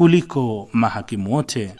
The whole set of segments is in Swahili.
kuliko mahakimu wote.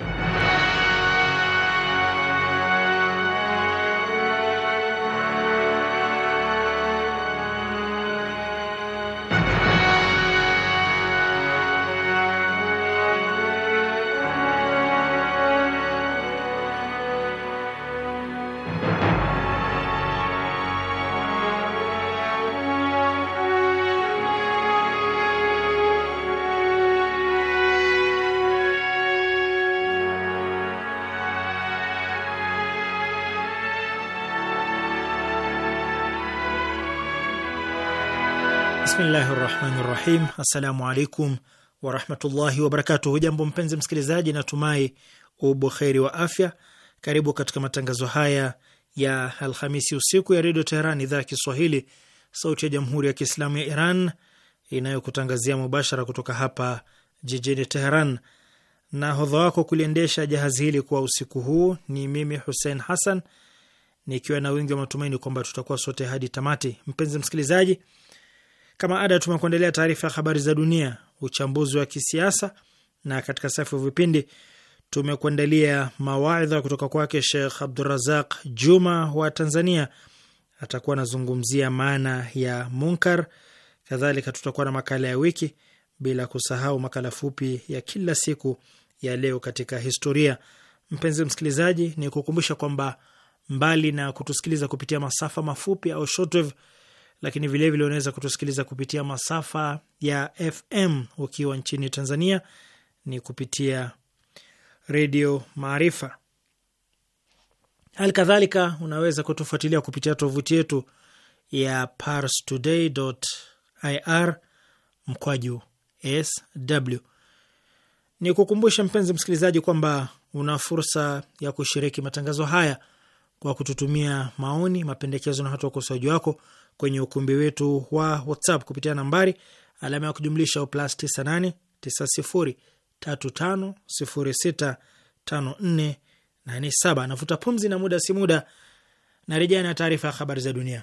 Bismillahi rahmani rahim. Assalamu alaikum warahmatullahi wabarakatuh. Hujambo mpenzi msikilizaji, natumai ubuheri wa afya. Karibu katika matangazo haya ya Alhamisi usiku ya Redio Teheran, idhaa ya Kiswahili, sauti ya Jamhuri ya Kiislamu ya Iran inayokutangazia mubashara kutoka hapa jijini Teheran. Nahodha wako kuliendesha jahazi hili kwa usiku huu ni mimi Hussein Hassan, nikiwa na wingi wa matumaini kwamba tutakuwa sote hadi tamati. Mpenzi msikilizaji kama ada, tumekuandalia taarifa ya habari za dunia, uchambuzi wa kisiasa, na katika safu ya vipindi tumekuandalia mawaidha kutoka kwake Shekh Abdurazaq Juma wa Tanzania, atakuwa anazungumzia maana ya munkar. Kadhalika tutakuwa na makala ya wiki, bila kusahau makala fupi ya kila siku ya leo katika historia. Mpenzi msikilizaji, ni kukumbusha kwamba mbali na kutusikiliza kupitia masafa mafupi au shortwave lakini vilevile unaweza kutusikiliza kupitia masafa ya FM ukiwa nchini Tanzania ni kupitia Redio Maarifa. Hali kadhalika unaweza kutufuatilia kupitia tovuti yetu ya parstoday.ir mkwaju sw. Ni kukumbusha mpenzi msikilizaji kwamba una fursa ya kushiriki matangazo haya kwa kututumia maoni, mapendekezo na hata ukosoaji wako kwenye ukumbi wetu wa WhatsApp kupitia nambari alama ya kujumlisha plus 98 9035065487. Navuta pumzi na muda si muda na rejea na taarifa ya habari za dunia.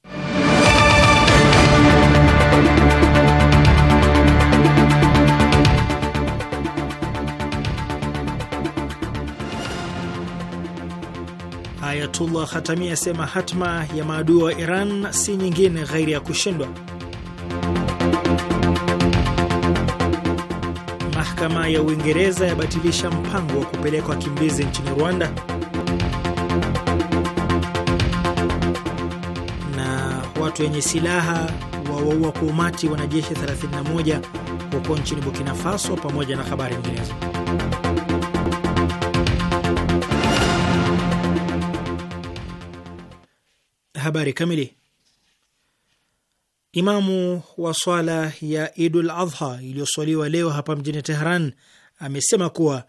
Ayatullah Khatami asema hatma ya maadui wa Iran si nyingine ghairi ya kushindwa. Mahakama ya Uingereza yabatilisha mpango wa kupeleka wakimbizi nchini Rwanda. Na watu wenye silaha wawaua kwa umati wanajeshi 31 huko nchini Burkina Faso, pamoja na habari nyinginezo. Habari kamili. Imamu wa swala ya Idul Adha iliyoswaliwa leo hapa mjini Tehran amesema kuwa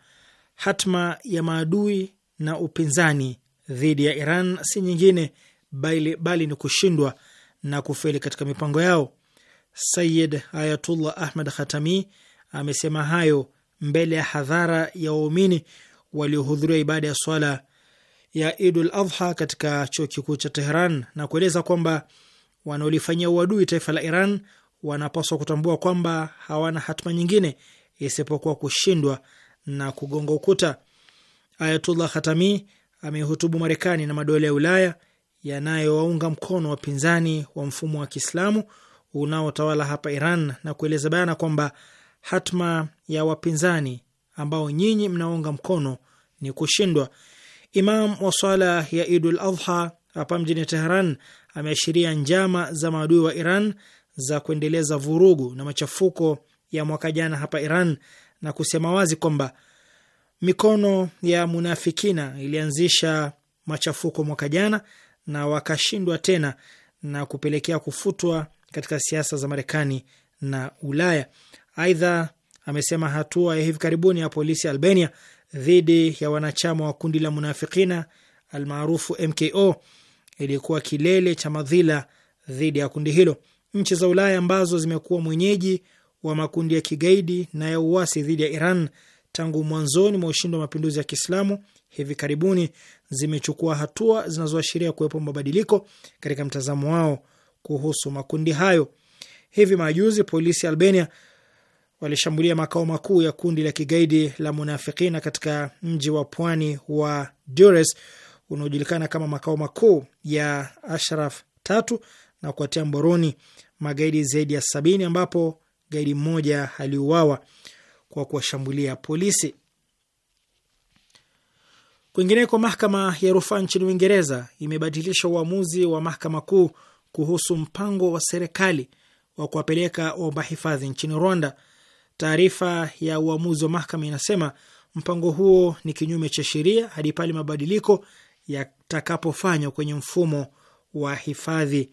hatma ya maadui na upinzani dhidi ya Iran si nyingine bali, bali ni kushindwa na kufeli katika mipango yao. Sayid Ayatullah Ahmad Khatami amesema hayo mbele ya hadhara ya waumini waliohudhuria ibada ya swala ya Idul Adha katika chuo kikuu cha Teheran na kueleza kwamba wanaolifanyia uadui taifa la Iran wanapaswa kutambua kwamba hawana hatima nyingine isipokuwa kushindwa na kugonga ukuta. Ayatullah Khatami amehutubu Marekani na madola ya Ulaya yanayowaunga mkono wapinzani wa mfumo wa Kiislamu unaotawala hapa Iran na kueleza bayana kwamba hatma ya wapinzani ambao nyinyi mnaunga mkono ni kushindwa. Imam wa swala ya Idul Adha hapa mjini Teheran ameashiria njama za maadui wa Iran za kuendeleza vurugu na machafuko ya mwaka jana hapa Iran na kusema wazi kwamba mikono ya munafikina ilianzisha machafuko mwaka jana na wakashindwa tena na kupelekea kufutwa katika siasa za Marekani na Ulaya. Aidha, amesema hatua ya hivi karibuni ya polisi Albania dhidi ya wanachama wa kundi la Munafikina almaarufu MKO ilikuwa kilele cha madhila dhidi ya kundi hilo. Nchi za Ulaya ambazo zimekuwa mwenyeji wa makundi ya kigaidi na ya uasi dhidi ya Iran tangu mwanzoni mwa ushindi wa mapinduzi ya Kiislamu hivi karibuni zimechukua hatua zinazoashiria kuwepo mabadiliko katika mtazamo wao kuhusu makundi hayo. Hivi majuzi polisi Albania walishambulia makao makuu ya kundi la kigaidi la Munafikina katika mji wa pwani wa Dures unaojulikana kama makao makuu ya Ashraf tatu na kuatia mboroni magaidi zaidi ya sabini ambapo gaidi mmoja aliuawa kwa kuwashambulia polisi. Kwingineko, mahakama ya rufaa nchini Uingereza imebatilisha uamuzi wa mahakama kuu kuhusu mpango wa serikali wa kuwapeleka waomba hifadhi nchini Rwanda. Taarifa ya uamuzi wa mahakama inasema mpango huo ni kinyume cha sheria hadi pale mabadiliko yatakapofanywa kwenye mfumo wa hifadhi.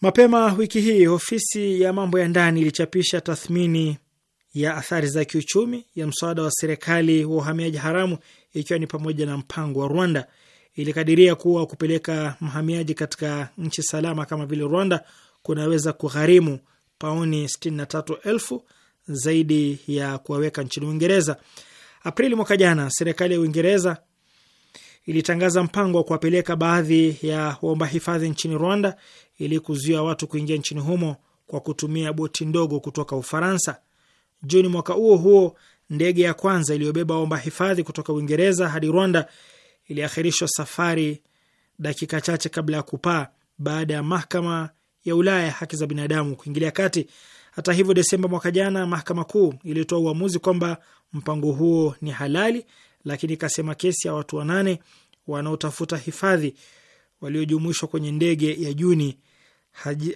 Mapema wiki hii, ofisi ya mambo ya ndani ilichapisha tathmini ya athari za kiuchumi ya mswada wa serikali wa uhamiaji haramu, ikiwa ni pamoja na mpango wa Rwanda. Ilikadiria kuwa kupeleka mhamiaji katika nchi salama kama vile Rwanda kunaweza kugharimu pauni 63,000 zaidi ya kuwaweka nchini Uingereza. Aprili mwaka jana, serikali ya Uingereza ilitangaza mpango wa kuwapeleka baadhi ya waomba hifadhi nchini Rwanda ili kuzuia watu kuingia nchini humo kwa kutumia boti ndogo kutoka Ufaransa. Juni mwaka huo huo, ndege ya kwanza iliyobeba waomba hifadhi kutoka Uingereza hadi Rwanda iliahirishwa safari dakika chache kabla ya kupaa baada ya mahakama ya Ulaya ya haki za binadamu kuingilia kati. Hata hivyo, Desemba mwaka jana, mahakama kuu ilitoa uamuzi kwamba mpango huo ni halali, lakini ikasema kesi ya watu wanane wanaotafuta hifadhi waliojumuishwa kwenye ndege ya Juni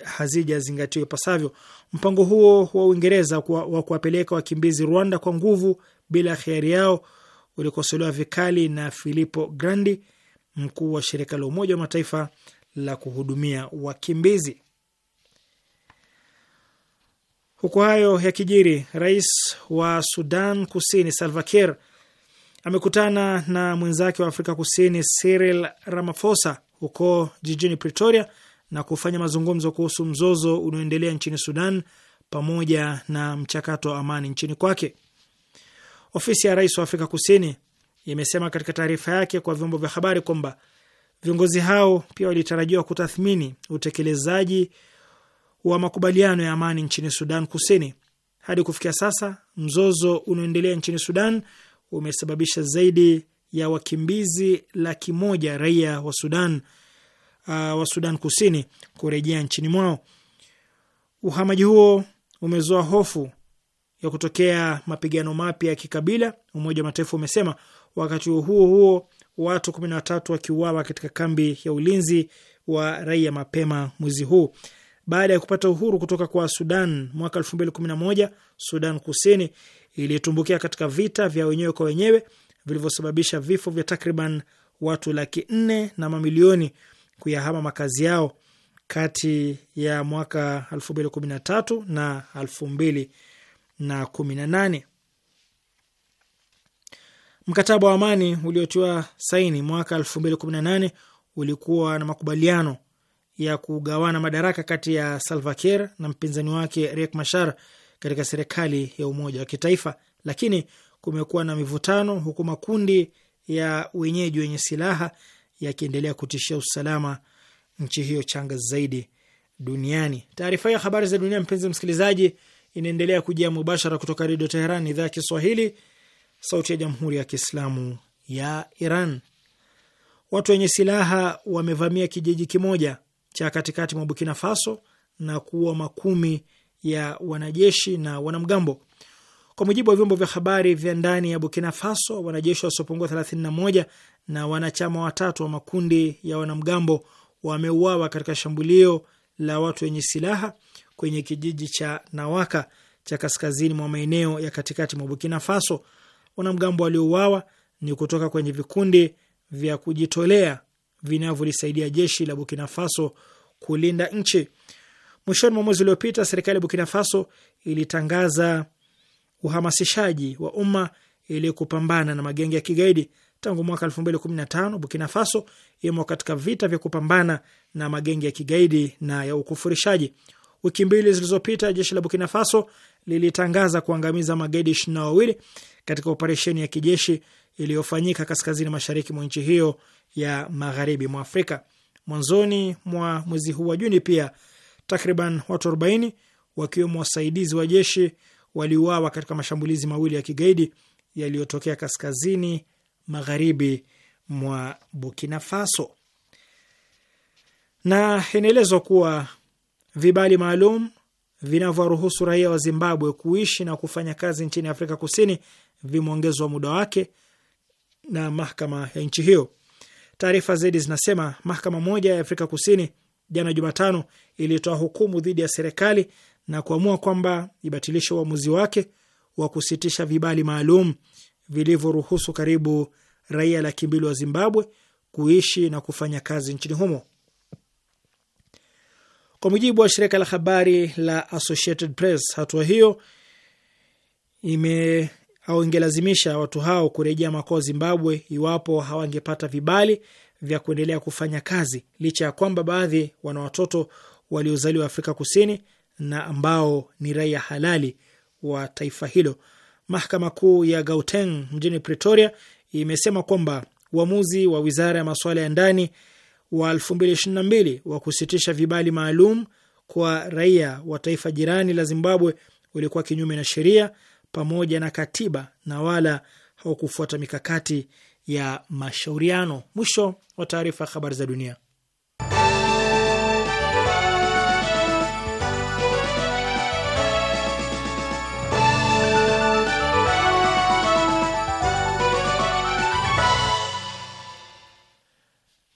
hazijazingatiwa ipasavyo. Mpango huo wa Uingereza wa kuwapeleka wakimbizi Rwanda kwa nguvu bila hiari yao ulikosolewa vikali na Filippo Grandi, mkuu wa shirika la Umoja wa Mataifa la kuhudumia wakimbizi. Huku hayo yakijiri, rais wa Sudan Kusini Salva Kiir amekutana na mwenzake wa Afrika Kusini Cyril Ramaphosa huko jijini Pretoria na kufanya mazungumzo kuhusu mzozo unaoendelea nchini Sudan pamoja na mchakato wa amani nchini kwake. Ofisi ya rais wa Afrika Kusini imesema katika taarifa yake kwa vyombo vya habari kwamba viongozi hao pia walitarajiwa kutathmini utekelezaji wa makubaliano ya amani nchini Sudan Kusini. Hadi kufikia sasa, mzozo unaoendelea nchini Sudan umesababisha zaidi ya wakimbizi laki moja raia wa Sudan uh, wa Sudan Kusini kurejea nchini mwao. Uhamaji huo umezoa hofu ya kutokea mapigano mapya ya kikabila, Umoja wa Mataifa umesema. Wakati huo huo, watu kumi na watatu wakiuawa katika kambi ya ulinzi wa raia mapema mwezi huu baada ya kupata uhuru kutoka kwa Sudan mwaka 2011, Sudan Kusini ilitumbukia katika vita vya wenyewe kwa wenyewe vilivyosababisha vifo vya takriban watu laki nne na mamilioni kuyahama makazi yao kati ya mwaka 2013 na 2018. Mkataba wa amani uliotiwa saini mwaka 2018 ulikuwa na makubaliano ya kugawana madaraka kati ya Salva Kiir na mpinzani wake Riek Machar katika serikali ya umoja wa kitaifa, lakini kumekuwa na mivutano, huku makundi ya wenyeji wenye silaha yakiendelea kutishia usalama nchi hiyo changa zaidi duniani. Taarifa hiyo habari za dunia, mpenzi msikilizaji, inaendelea kujia mubashara kutoka Redio Teheran, idhaa ya Kiswahili, sauti ya jamhuri ya kiislamu ya Iran. Watu wenye silaha wamevamia kijiji kimoja cha katikati mwa Burkina Faso na kuua makumi ya wanajeshi na wanamgambo. Kwa mujibu wa vyombo vya habari vya ndani ya Burkina Faso, wanajeshi wasiopungua 31 na wanachama watatu wa makundi ya wanamgambo wameuawa katika shambulio la watu wenye silaha kwenye kijiji cha Nawaka cha kaskazini mwa maeneo ya katikati mwa Burkina Faso. Wanamgambo waliouawa ni kutoka kwenye vikundi vya kujitolea vinavyolisaidia jeshi la Burkina Faso kulinda nchi. Mwishoni mwa mwezi uliopita, serikali ya Burkina Faso ilitangaza uhamasishaji wa umma ili kupambana na magenge ya kigaidi. Tangu mwaka 2015 Burkina Faso imo katika vita vya kupambana na magenge ya kigaidi na ya ukufurishaji. Wiki mbili zilizopita jeshi la Burkina Faso lilitangaza kuangamiza magaidi ishirini na wawili katika operesheni ya kijeshi iliyofanyika kaskazini mashariki mwa nchi hiyo ya magharibi mwa Afrika. Mwanzoni mwa mwezi huu wa Juni pia takriban watu arobaini wakiwemo wasaidizi wa jeshi waliuawa katika mashambulizi mawili ya kigaidi yaliyotokea kaskazini magharibi mwa Burkina Faso. Na inaelezwa kuwa vibali maalum vinavyoruhusu raia wa Zimbabwe kuishi na kufanya kazi nchini Afrika Kusini vimeongezwa muda wake na mahakama ya nchi hiyo. Taarifa zaidi zinasema mahakama moja ya Afrika Kusini jana Jumatano ilitoa hukumu dhidi ya serikali na kuamua kwamba ibatilishe uamuzi wake wa kusitisha vibali maalum vilivyoruhusu karibu raia laki mbili wa Zimbabwe kuishi na kufanya kazi nchini humo. Kwa mujibu wa shirika la habari la Associated Press, hatua hiyo ime au ingelazimisha watu hao kurejea makao Zimbabwe iwapo hawangepata vibali vya kuendelea kufanya kazi, licha ya kwamba baadhi wana watoto waliozaliwa Afrika Kusini na ambao ni raia halali wa taifa hilo. Mahakama Kuu ya Gauteng mjini Pretoria imesema kwamba uamuzi wa wizara ya masuala ya ndani wa 2022 wa kusitisha vibali maalum kwa raia wa taifa jirani la Zimbabwe ulikuwa kinyume na sheria pamoja na katiba na wala haukufuata mikakati ya mashauriano. Mwisho wa taarifa. Habari za dunia.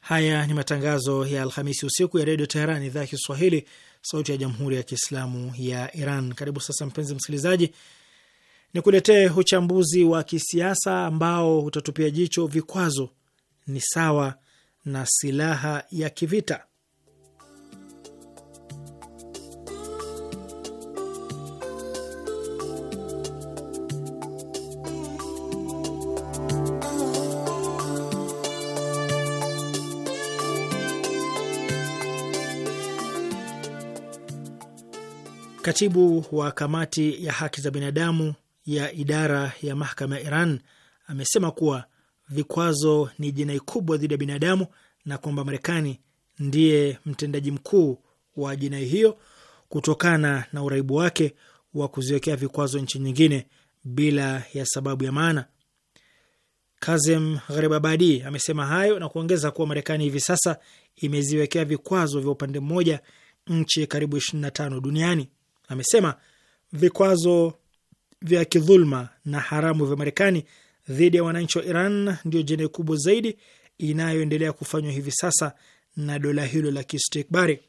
Haya ni matangazo ya Alhamisi usiku ya redio Teheran, idhaa ya Kiswahili, sauti ya jamhuri ya kiislamu ya Iran. Karibu sasa, mpenzi msikilizaji, ni kuletee uchambuzi wa kisiasa ambao utatupia jicho vikwazo ni sawa na silaha ya kivita. Katibu wa kamati ya haki za binadamu ya idara ya mahakama ya Iran amesema kuwa vikwazo ni jinai kubwa dhidi ya binadamu na kwamba Marekani ndiye mtendaji mkuu wa jinai hiyo kutokana na uraibu wake wa kuziwekea vikwazo nchi nyingine bila ya sababu ya maana. Kazem Gharibabadi amesema hayo na kuongeza kuwa Marekani hivi sasa imeziwekea vikwazo vya upande mmoja nchi karibu 25 duniani. Amesema vikwazo vya kidhulma na haramu vya Marekani dhidi ya wananchi wa Iran ndio jene kubwa zaidi inayoendelea kufanywa hivi sasa na dola hilo la kistikbari.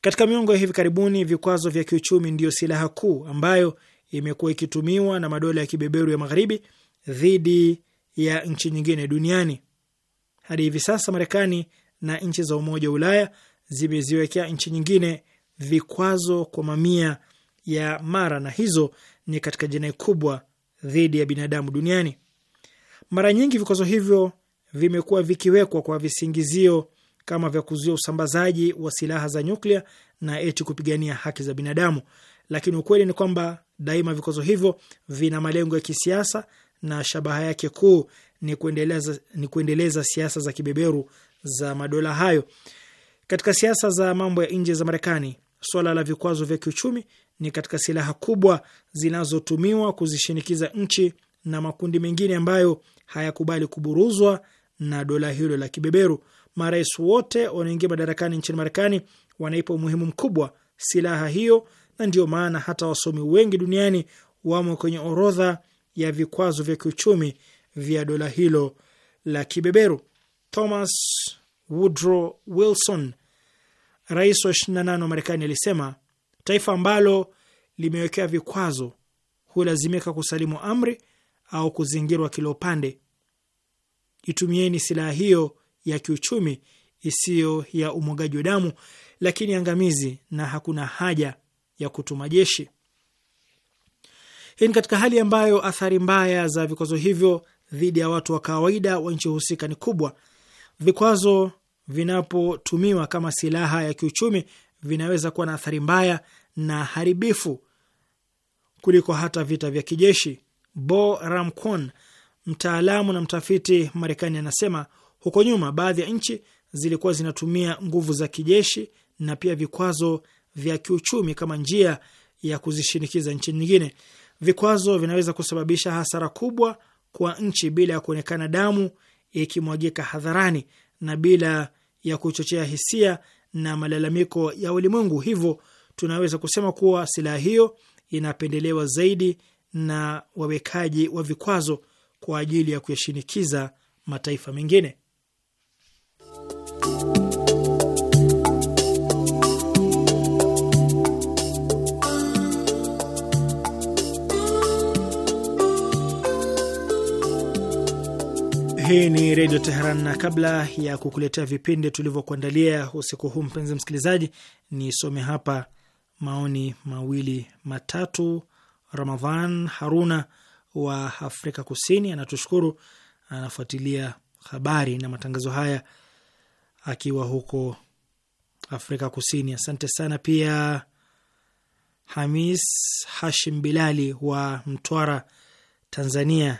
Katika miongo ya hivi karibuni, vikwazo vya kiuchumi ndiyo silaha kuu ambayo imekuwa ikitumiwa na madola ya kibeberu ya magharibi dhidi ya nchi nyingine duniani. Hadi hivi sasa Marekani na nchi za Umoja wa Ulaya zimeziwekea nchi nyingine vikwazo kwa mamia ya mara, na hizo ni katika jinai kubwa dhidi ya binadamu duniani. Mara nyingi vikwazo hivyo vimekuwa vikiwekwa kwa visingizio kama vya kuzuia usambazaji wa silaha za nyuklia na eti kupigania haki za binadamu, lakini ukweli ni kwamba daima vikwazo hivyo vina malengo ya kisiasa na shabaha yake kuu ni kuendeleza, ni kuendeleza siasa za kibeberu za madola hayo. Katika siasa za mambo ya nje za Marekani, swala la vikwazo vya kiuchumi ni katika silaha kubwa zinazotumiwa kuzishinikiza nchi na makundi mengine ambayo hayakubali kuburuzwa na dola hilo la kibeberu. Marais wote wanaoingia madarakani nchini Marekani wanaipa umuhimu mkubwa silaha hiyo, na ndiyo maana hata wasomi wengi duniani wamo kwenye orodha ya vikwazo vya kiuchumi vya dola hilo la kibeberu. Thomas Woodrow Wilson rais wa 28 wa Marekani alisema taifa ambalo limewekewa vikwazo hulazimika kusalimu amri au kuzingirwa kila upande. Itumieni silaha hiyo ya kiuchumi isiyo ya umwagaji wa damu, lakini angamizi, na hakuna haja ya kutuma jeshi. Hii ni katika hali ambayo athari mbaya za vikwazo hivyo dhidi ya watu wa kawaida wa nchi husika ni kubwa. Vikwazo vinapotumiwa kama silaha ya kiuchumi vinaweza kuwa na athari mbaya na haribifu kuliko hata vita vya kijeshi. Bo Ramcon, mtaalamu na mtafiti Marekani, anasema huko nyuma baadhi ya nchi zilikuwa zinatumia nguvu za kijeshi na pia vikwazo vya kiuchumi kama njia ya kuzishinikiza nchi nyingine. Vikwazo vinaweza kusababisha hasara kubwa kwa nchi bila ya kuonekana damu ikimwagika hadharani, na bila ya kuchochea hisia na malalamiko ya ulimwengu. Hivyo tunaweza kusema kuwa silaha hiyo inapendelewa zaidi na wawekaji wa vikwazo kwa ajili ya kuyashinikiza mataifa mengine. Hii ni Redio Teheran, na kabla ya kukuletea vipindi tulivyokuandalia usiku huu, mpenzi msikilizaji, nisome hapa maoni mawili matatu. Ramadhan Haruna wa Afrika Kusini anatushukuru, anafuatilia habari na matangazo haya akiwa huko Afrika Kusini. Asante sana. Pia Hamis Hashim Bilali wa Mtwara, Tanzania,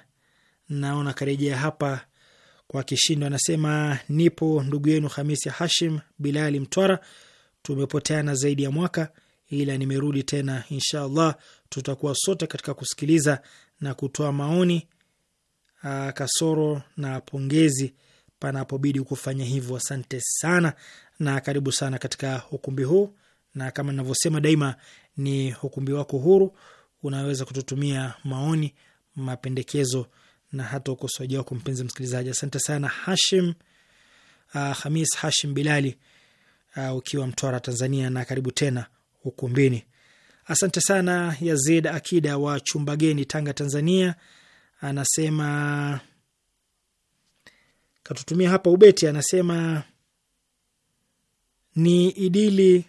naona karejea hapa kwa kishindo anasema nipo ndugu yenu Hamisi Hashim Bilali Mtwara, tumepoteana zaidi ya mwaka, ila nimerudi tena. Insha allah tutakuwa sote katika kusikiliza na kutoa maoni aa, kasoro na pongezi panapobidi kufanya hivyo. Asante sana na karibu sana katika ukumbi huu, na kama ninavyosema daima, ni ukumbi wako huru, unaweza kututumia maoni, mapendekezo na hata ukosoaji wako mpenzi msikilizaji. Asante sana Hashim uh, Hamis Hashim Bilali uh, ukiwa Mtwara, Tanzania, na karibu tena ukumbini. Asante sana Yazid Akida wa Chumbageni, Tanga, Tanzania, anasema katutumia hapa ubeti, anasema ni idili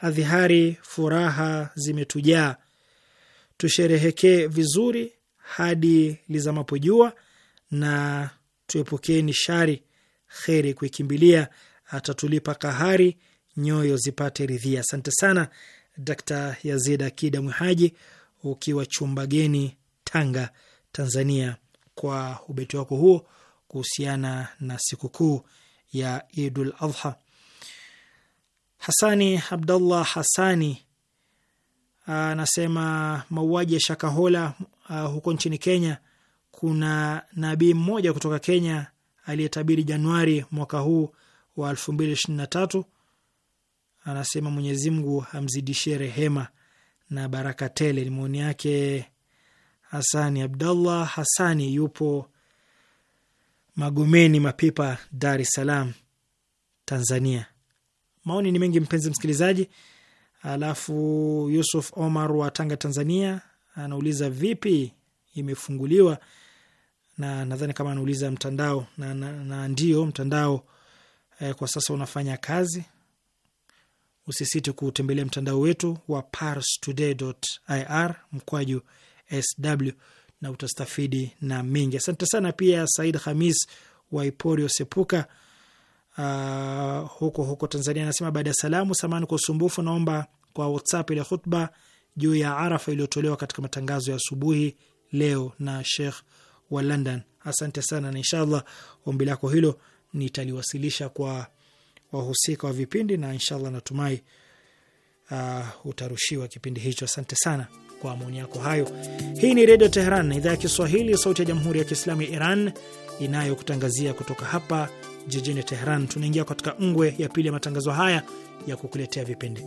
adhihari, furaha zimetujaa, tusherehekee vizuri hadi lizamapo jua, na tuepukeni shari, kheri kuikimbilia, atatulipa kahari, nyoyo zipate ridhia. Asante sana Dr. Yazid Akida Mwihaji ukiwa chumba geni Tanga, Tanzania, kwa ubeti wako huo kuhusiana na sikukuu ya Idul Adha. Hasani Abdallah Hasani anasema mauaji ya Shakahola uh, huko nchini Kenya kuna nabii mmoja kutoka Kenya aliyetabiri Januari mwaka huu wa elfu mbili ishirini na tatu. Anasema Mwenyezi Mungu amzidishie rehema na baraka tele. Ni maoni yake Hasani Abdallah Hasani, yupo Magomeni Mapipa, Dar es Salaam, Tanzania. Maoni ni mengi mpenzi msikilizaji. Alafu Yusuf Omar wa Tanga, Tanzania anauliza vipi imefunguliwa, na nadhani kama anauliza mtandao na, na, na ndio mtandao eh, kwa sasa unafanya kazi. Usisite kutembelea mtandao wetu wa parstoday.ir mkwaju sw na utastafidi na mengi. Asante sana pia Said Hamis wa Iporio Sepuka uh, huko huko Tanzania anasema, baada ya salamu, samani kwa usumbufu, naomba kwa WhatsApp ile hutba juu ya Arafa iliyotolewa katika matangazo ya asubuhi leo na Sheikh wa London. Asante sana, na inshallah ombi lako hilo nitaliwasilisha kwa wahusika wa vipindi na inshallah natumai uh, utarushiwa kipindi hicho. Asante sana kwa maoni yako hayo. Hii ni Redio Teheran, idhaa ya Kiswahili, sauti ya Jamhuri ya Kiislamu ya Iran inayokutangazia kutoka hapa jijini Teheran. Tunaingia katika ngwe ya pili ya matangazo haya ya kukuletea vipindi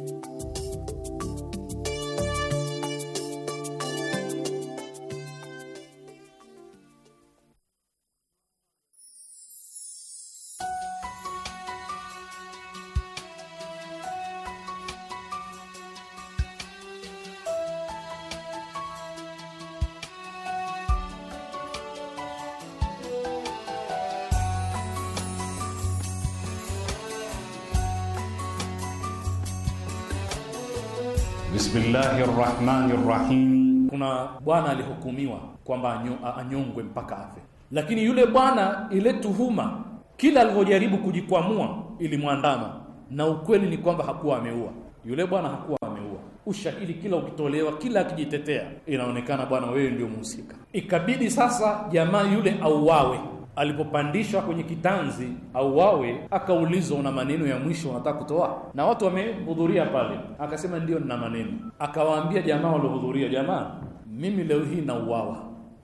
Bismillahi rrahmani Kuna bwana alihukumiwa kwamba anyongwe mpaka afe, lakini yule bwana, ile tuhuma kila alivyojaribu kujikwamua ilimwandama, na ukweli ni kwamba hakuwa ameua yule bwana, hakuwa ameua. Ushahidi kila ukitolewa, kila akijitetea, inaonekana bwana, wewe ndio mhusika. Ikabidi sasa jamaa yule auawe alipopandishwa kwenye kitanzi au wawe, akaulizwa una maneno ya mwisho unataka kutoa, na watu wamehudhuria pale, akasema ndio, nina maneno. Akawaambia jamaa waliohudhuria, jamaa, mimi leo hii nauawa,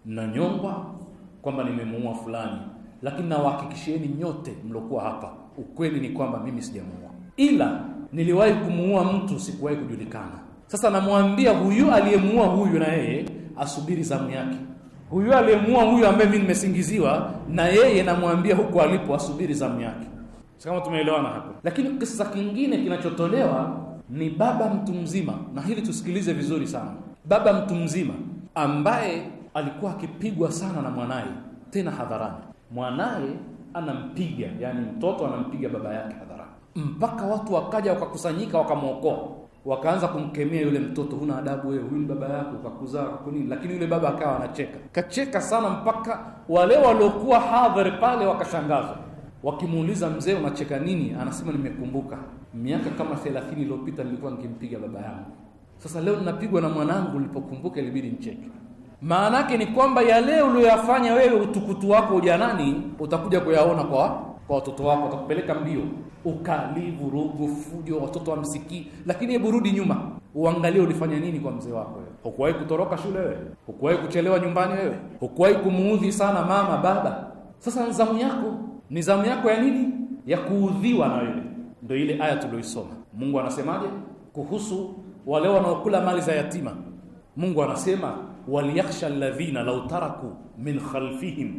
nanyongwa kwamba nimemuua fulani, lakini nawahakikishieni nyote mliokuwa hapa, ukweli ni kwamba mimi sijamuua, ila niliwahi kumuua mtu, sikuwahi kujulikana. Sasa namwambia huyu aliyemuua huyu, na yeye asubiri zamu yake huyu aliyemuua huyu ambaye mimi nimesingiziwa, na yeye namwambia huko alipo asubiri zamu yake. Kama tumeelewana hapo. Lakini kisa kingine kinachotolewa ni baba mtu mzima, na hili tusikilize vizuri sana. Baba mtu mzima ambaye alikuwa akipigwa sana na mwanaye, tena hadharani. Mwanaye anampiga, yani mtoto anampiga baba yake hadharani, mpaka watu wakaja wakakusanyika wakamwokoa wakaanza kumkemea yule mtoto, huna adabu wewe, huyu ni baba yako kakuzaa kwa nini? Lakini yule baba akawa anacheka, kacheka sana mpaka wale waliokuwa hadhari pale wakashangazwa, wakimuuliza mzee, unacheka nini? Anasema nimekumbuka miaka kama 30 iliyopita nilikuwa nikimpiga baba yangu, sasa leo ninapigwa na mwanangu, nilipokumbuka ilibidi nicheke. Maana yake ni kwamba yale uliyoyafanya wewe utukutu wako ujanani utakuja kuyaona kwa kwa watoto wako, atakupeleka mbio ukali, vurugu, fujo, watoto wamsikii. Lakini hebu rudi nyuma, uangalie ulifanya nini kwa mzee wako. Wewe hukuwahi kutoroka shule, wewe hukuwahi kuchelewa nyumbani, wewe hukuwahi kumuudhi sana mama, baba. Sasa nzamu yako, ni zamu yako ya nini? Ya kuudhiwa na wewe. Ndio ile aya tulioisoma. Mungu anasemaje kuhusu wale wanaokula mali za yatima? Mungu anasema waliyakhsha alladhina lau taraku min khalfihim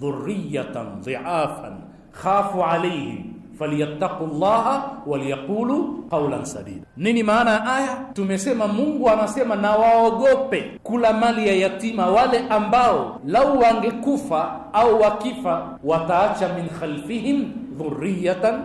dhurriyatan dhi'afan khafu alaihim falyattaqullaha walyaqulu qawlan sadida. Nini maana ya aya? Tumesema Mungu anasema na waogope kula mali ya yatima, wale ambao lau wangekufa au wakifa wataacha min khalfihim dhurriyatan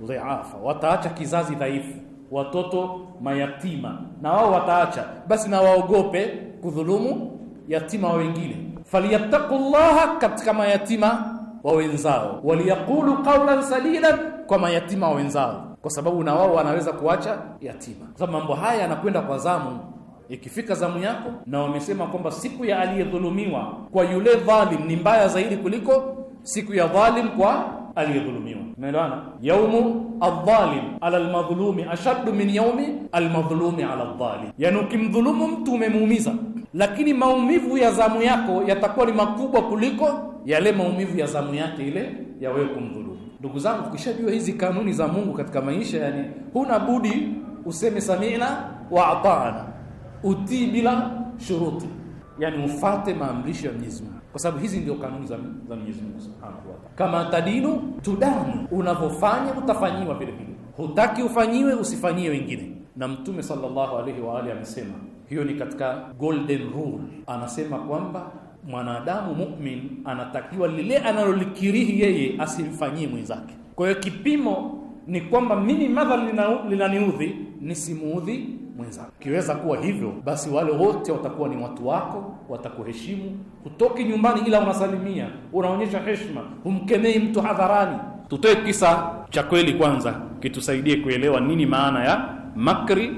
dhiafa, wataacha kizazi dhaifu, watoto mayatima, na wao wataacha, basi na waogope kudhulumu yatima wengine. Falyattaqullaha, katika mayatima wa wenzao, waliyaqulu qawlan sadidan, kwa mayatima wa wenzao, kwa sababu na wao wanaweza kuacha yatima, kwa sababu mambo haya yanakwenda kwa zamu. Ikifika zamu yako, na wamesema kwamba siku ya aliyedhulumiwa kwa yule dhalim ni mbaya zaidi kuliko siku ya dhalim kwa aliyedhulumiwa. Umeelewana? yaumu aldhalim ala almadhlumi ashaddu min yaumi almadhlumi ala aldhalim, yani ukimdhulumu mtu umemuumiza lakini maumivu ya zamu yako yatakuwa ni makubwa kuliko yale maumivu ya zamu yake ile ya wewe kumdhulumu. Ndugu zangu, ukishajua hizi kanuni za Mungu katika maisha, yani huna budi useme samina wa atana, utii bila shuruti, yani ufate maamrisho ya Mwenyezi Mungu, kwa sababu hizi ndio kanuni za, za Mwenyezi Mungu Subhanahu wa Ta'ala. Kama tadinu tudanu, unavyofanya utafanyiwa vile vile, hutaki ufanyiwe, usifanyie wengine. Na Mtume sallallahu alaihi wa alihi amesema hiyo ni katika golden rule, anasema kwamba mwanadamu mumin anatakiwa lile analolikirihi yeye asimfanyie mwenzake. Kwa hiyo kipimo ni kwamba mimi madha linaniudhi nisimuudhi mwenzako. Ukiweza kuwa hivyo, basi wale wote watakuwa ni watu wako, watakuheshimu. Hutoki nyumbani ila unasalimia, unaonyesha heshima, humkemei mtu hadharani. Tutoe kisa cha kweli kwanza, kitusaidie kuelewa nini maana ya makri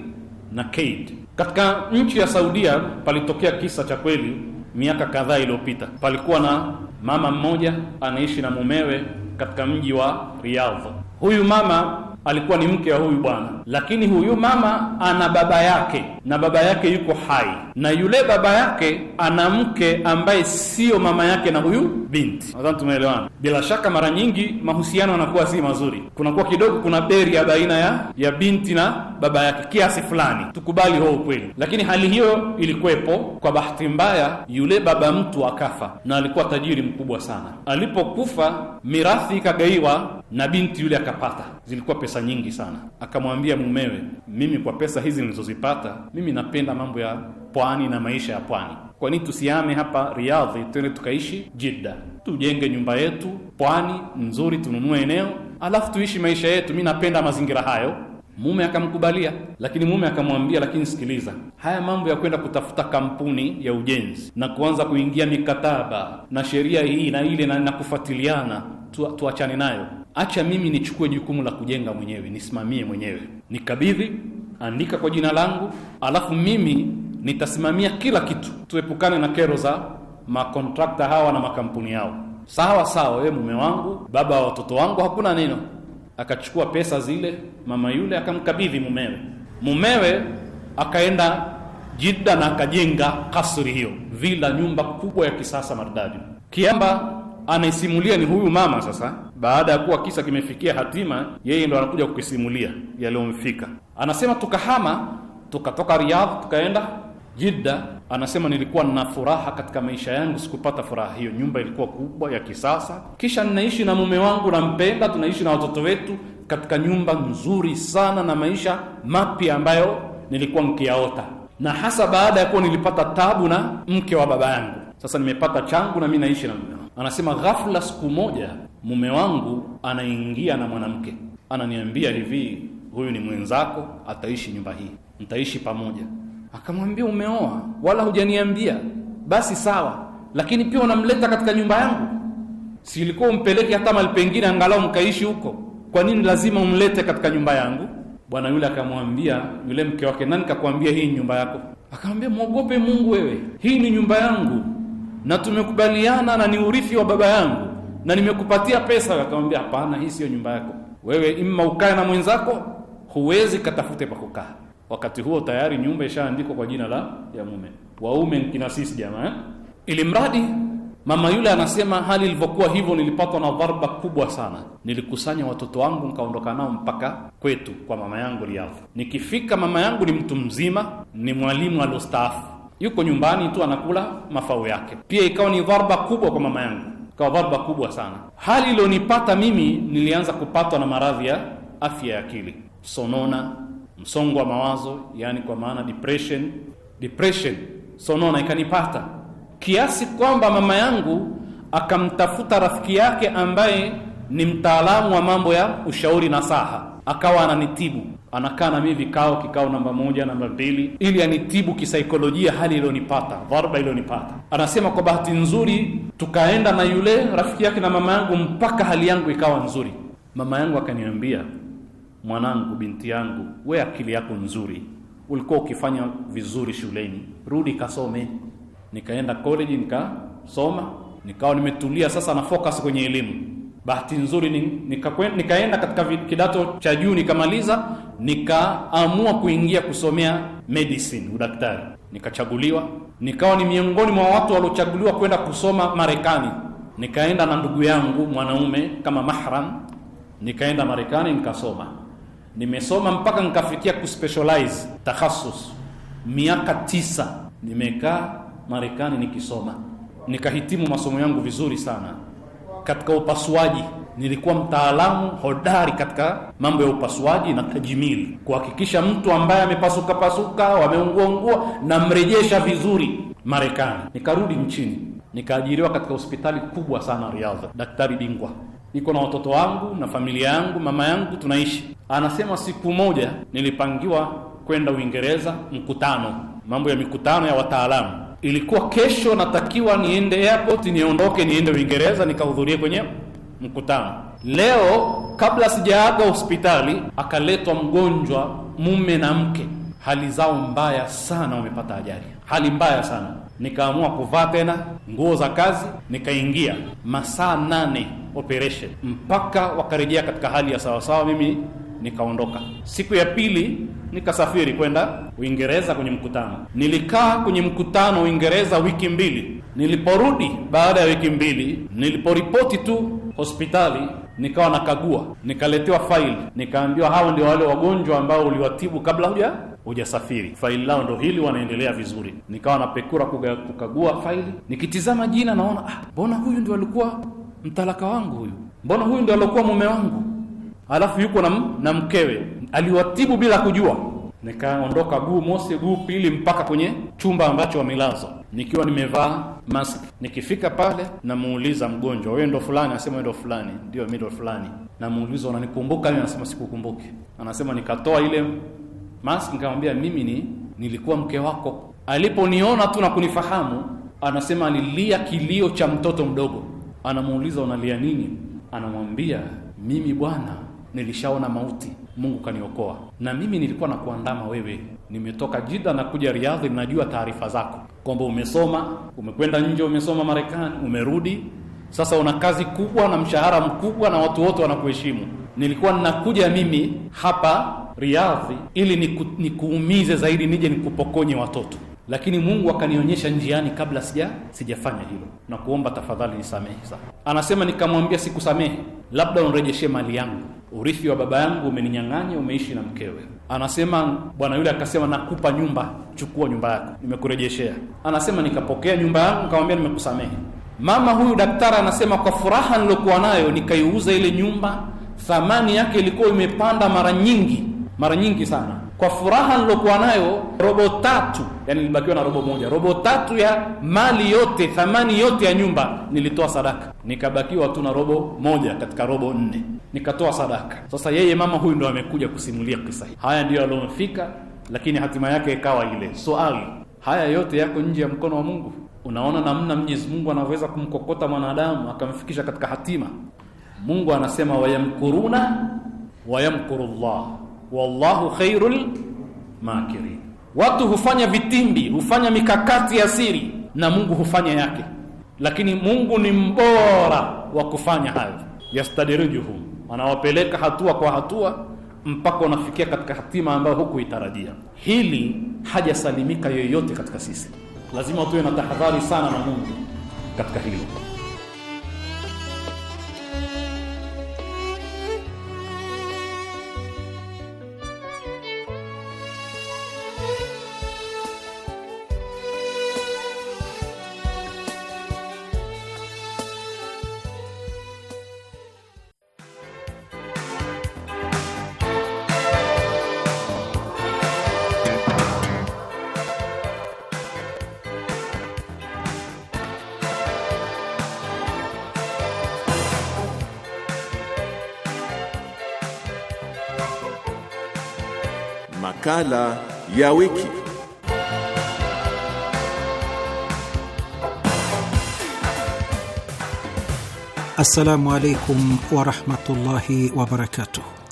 na kaid. Katika nchi ya Saudia palitokea kisa cha kweli miaka kadhaa iliyopita. Palikuwa na mama mmoja anaishi na mumewe katika mji wa Riyadh. Huyu mama alikuwa ni mke wa huyu bwana, lakini huyu mama ana baba yake na baba yake yuko hai, na yule baba yake ana mke ambaye siyo mama yake na huyu binti. Nadhani tumeelewana. Bila shaka, mara nyingi mahusiano yanakuwa si mazuri, kunakuwa kidogo kuna beria baina ya ya binti na baba yake kiasi fulani, tukubali huo ukweli. Lakini hali hiyo ilikuwepo. Kwa bahati mbaya, yule baba mtu akafa, na alikuwa tajiri mkubwa sana. Alipokufa, mirathi ikagaiwa na binti yule akapata, zilikuwa pesa nyingi sana. Akamwambia mumewe, mimi kwa pesa hizi nilizozipata, mimi napenda mambo ya pwani na maisha ya pwani. Kwa nini tusiame hapa Riadhi twende tukaishi Jidda, tujenge nyumba yetu pwani nzuri, tununue eneo alafu tuishi maisha yetu. Mi napenda mazingira hayo. Mume akamkubalia, lakini mume akamwambia, lakini sikiliza, haya mambo ya kwenda kutafuta kampuni ya ujenzi na kuanza kuingia mikataba na sheria hii na ile na, na kufuatiliana, tuachane nayo acha mimi nichukue jukumu la kujenga mwenyewe, nisimamie mwenyewe, nikabidhi, andika kwa jina langu, alafu mimi nitasimamia kila kitu, tuepukane na kero za makontrakta hawa na makampuni yao. Sawa sawa, wewe mume wangu, baba wa watoto wangu, hakuna neno. Akachukua pesa zile, mama yule akamkabidhi mumewe. Mumewe akaenda Jidda na akajenga kasri hiyo, vila, nyumba kubwa ya kisasa maridadi, kiamba anaisimulia ni huyu mama sasa. Baada ya kuwa kisa kimefikia hatima, yeye ndo anakuja kukisimulia yaliyomfika. Anasema tukahama, tukatoka Riyadh tukaenda Jidda. Anasema nilikuwa na furaha katika maisha yangu, sikupata furaha hiyo. Nyumba ilikuwa kubwa ya kisasa, kisha ninaishi na mume wangu, nampenda, tunaishi na watoto wetu katika nyumba nzuri sana, na maisha mapya ambayo nilikuwa nkiyaota, na hasa baada ya kuwa nilipata tabu na mke wa baba yangu, sasa nimepata changu na mi naishi na mume Anasema ghafla, siku moja mume wangu anaingia na mwanamke, ananiambia hivi, huyu ni mwenzako, ataishi nyumba hii, mtaishi pamoja. Akamwambia, umeoa wala hujaniambia? Basi sawa, lakini pia unamleta katika nyumba yangu? Si ilikuwa umpeleke hata mali pengine, angalau mkaishi huko? Kwa nini lazima umlete katika nyumba yangu? Bwana yule akamwambia yule mke wake, nani kakwambia hii nyumba yako? Akamwambia, mwogope Mungu wewe, hii ni nyumba yangu na tumekubaliana na ni urithi wa baba yangu na nimekupatia pesa. Akamwambia, hapana, hii siyo nyumba yako wewe, imma ukae na mwenzako, huwezi katafute pa kukaa. Wakati huo tayari nyumba ishaandikwa kwa jina la ya mume. Waume nkina sisi jamaa eh? Ili mradi mama yule anasema, hali ilivyokuwa hivyo, nilipatwa na dharba kubwa sana. Nilikusanya watoto wangu nkaondoka nao mpaka kwetu kwa mama yangu Liafu. Nikifika mama yangu ni mtu mzima, ni mwalimu aliostaafu yuko nyumbani tu anakula mafao yake. Pia ikawa ni dharba kubwa kwa mama yangu, ikawa dharba kubwa sana. Hali iliyonipata mimi, nilianza kupatwa na maradhi ya afya ya akili, sonona, msongo wa mawazo, yani kwa maana depression. Depression, sonona ikanipata kiasi kwamba mama yangu akamtafuta rafiki yake ambaye ni mtaalamu wa mambo ya ushauri na saha, akawa ananitibu anakaa na mimi vikao, kikao namba moja, namba mbili, ili anitibu kisaikolojia hali iliyonipata, dharba iliyonipata. Anasema kwa bahati nzuri tukaenda na yule rafiki yake na mama yangu mpaka hali yangu ikawa nzuri. Mama yangu akaniambia, mwanangu, binti yangu, we akili yako nzuri, ulikuwa ukifanya vizuri shuleni, rudi kasome. Nikaenda college nikasoma, nikawa nimetulia sasa na focus kwenye elimu. Bahati nzuri nikaenda nika katika kidato cha juu nikamaliza, nikaamua kuingia kusomea medicine, udaktari. Nikachaguliwa, nikawa ni miongoni mwa watu waliochaguliwa kwenda kusoma Marekani. Nikaenda na ndugu yangu mwanaume kama mahram, nikaenda Marekani nikasoma. Nimesoma mpaka nikafikia kuspecialize takhasus. Miaka tisa nimekaa Marekani nikisoma, nikahitimu masomo yangu vizuri sana katika upasuaji nilikuwa mtaalamu hodari katika mambo ya upasuaji na tajimili, kuhakikisha mtu ambaye amepasuka pasuka, wameuguaungua, namrejesha vizuri Marekani. Nikarudi nchini, nikaajiriwa katika hospitali kubwa sana Riadha, daktari bingwa niko na watoto wangu na familia yangu, mama yangu tunaishi. Anasema siku moja nilipangiwa kwenda Uingereza, mkutano, mambo ya mikutano ya wataalamu. Ilikuwa kesho natakiwa niende airport, niondoke niende Uingereza nikahudhurie kwenye mkutano. Leo kabla sijaaga hospitali, akaletwa mgonjwa, mume na mke, hali zao mbaya sana, wamepata ajali, hali mbaya sana. Nikaamua kuvaa tena nguo za kazi, nikaingia masaa nane operation, mpaka wakarejea katika hali ya sawasawa. Mimi nikaondoka. Siku ya pili nikasafiri kwenda Uingereza kwenye mkutano. Nilikaa kwenye mkutano Uingereza wiki mbili. Niliporudi baada ya wiki mbili, niliporipoti tu hospitali, nikawa nakagua, nikaletewa faili, nikaambiwa hao ndio wale wagonjwa ambao uliwatibu kabla huja hujasafiri. Faili lao ndo hili, wanaendelea vizuri. Nikawa napekura kukagua faili, nikitizama jina naona ah, mbona huyu ndio alikuwa mtalaka wangu, huyu mbona huyu ndio alikuwa mume wangu, alafu yuko na, na mkewe aliwatibu bila kujua nikaondoka guu mosi guu pili mpaka kwenye chumba ambacho wamelazwa nikiwa nimevaa mask. Nikifika pale namuuliza mgonjwa, wewe ndo fulani? Anasema ndo fulani, ndio mimi ndo fulani. Namuuliza, unanikumbuka mimi? Anasema sikukumbuki. Anasema nikatoa ile mask nikamwambia, mimi ni nilikuwa mke wako. Aliponiona tu na kunifahamu, anasema alilia kilio cha mtoto mdogo. Anamuuliza, unalia nini? Anamwambia, mimi bwana, nilishaona mauti Mungu kaniokoa. Na mimi nilikuwa nakuandama wewe, nimetoka Jida na kuja Riadhi, najua taarifa zako kwamba umesoma, umekwenda nje, umesoma Marekani, umerudi, sasa una kazi kubwa na mshahara mkubwa na watu wote wanakuheshimu. Nilikuwa ninakuja mimi hapa Riadhi ili niku, nikuumize zaidi, nije nikupokonye watoto lakini Mungu akanionyesha njiani kabla sija sijafanya hilo, na kuomba tafadhali nisamehe. Sasa anasema nikamwambia, sikusamehe, labda unirejeshie mali yangu urithi wa baba yangu umeninyang'anya, umeishi na mkewe. Anasema bwana yule akasema, nakupa nyumba, chukua nyumba yako, nimekurejeshea. Anasema nikapokea nyumba yangu, nikamwambia nimekusamehe. Mama huyu daktari anasema kwa furaha nilokuwa nayo nikaiuza ile nyumba, thamani yake ilikuwa imepanda mara nyingi, mara nyingi sana kwa furaha nilokuwa nayo robo tatu, yani nilibakiwa na robo moja, robo tatu ya mali yote, thamani yote ya nyumba nilitoa sadaka, nikabakiwa tu na robo moja katika robo nne, nikatoa sadaka. Sasa yeye mama huyu ndo amekuja kusimulia kisa hii, haya ndiyo aliomfika lakini hatima yake ikawa ile. Swali, haya yote yako nje ya mkono wa Mungu? Unaona namna Mwenyezi Mungu anaweza kumkokota mwanadamu akamfikisha katika hatima. Mungu anasema wayamkuruna wayamkuru wallahu khairul makirin. Watu hufanya vitimbi, hufanya mikakati ya siri na Mungu hufanya yake, lakini Mungu ni mbora wa kufanya hayo. Yastadirijuhum, anawapeleka hatua kwa hatua mpaka wanafikia katika hatima ambayo hukuitarajia. Hili hajasalimika yoyote katika sisi, lazima tuwe na tahadhari sana na Mungu katika hili makala ya wiki. Assalamu alaikum warahmatullahi wabarakatuh.